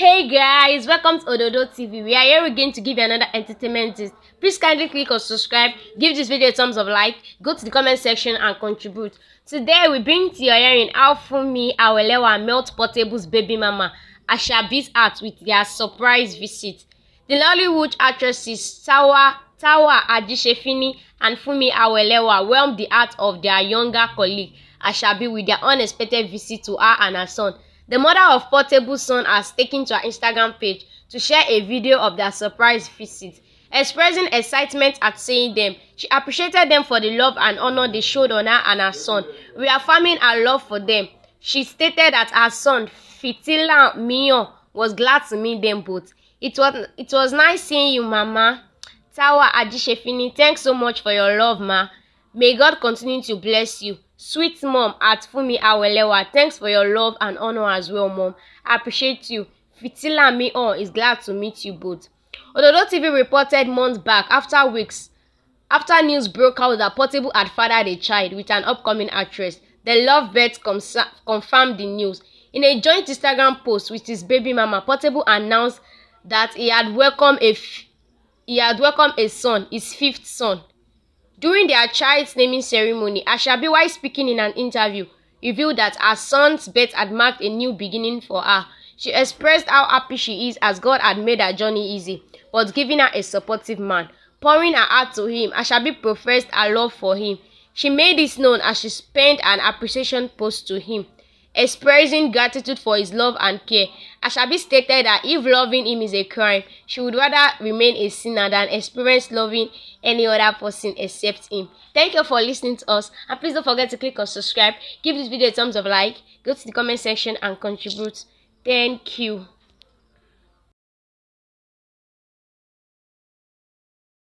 Hey guys, welcome to Ododo TV. We are here again to give you another entertainment gist. Please kindly click on subscribe, give this video a thumbs up like, go to the comment section and contribute. Today we bring to your hearing Alfumi Funmi Awelewa melt Portable's baby mama, Ashabi's heart with their surprise visit. The Lollywood actresses Tawa, Tawa Adishefini and Funmi Awelewa whelmed the heart of their younger colleague, Ashabi, with their unexpected visit to her and her son. The mother of Portable's son has taken to her Instagram page to share a video of their surprise visit. Expressing excitement at seeing them, she appreciated them for the love and honor they showed on her and her son, reaffirming her love for them. She stated that her son, Fitila Mion, was glad to meet them both. It was, it was nice seeing you, Mama. Tawa Ajishefini, thanks so much for your love, Ma. May God continue to bless you. Sweet mom at Funmi Awelewa, thanks for your love and honor as well, mom. I appreciate you. Fitila on is glad to meet you both. Ododo TV reported months back after weeks after news broke out that Portable had fathered a child with an upcoming actress. The lovebirds confirmed the news. In a joint Instagram post with his baby mama, Portable announced that he had welcomed a he had welcomed a son, his fifth son. During their child's naming ceremony, Ashabi, speaking in an interview, revealed that her son's birth had marked a new beginning for her. She expressed how happy she is as God had made her journey easy, but giving her a supportive man. Pouring her heart to him, Ashabi professed her love for him. She made this known as she penned an appreciation post to him expressing gratitude for his love and care. Ashabi stated that if loving him is a crime, she would rather remain a sinner than experience loving any other person except him. Thank you for listening to us and please don't forget to click on subscribe, give this video a thumbs up like, go to the comment section and contribute. Thank you.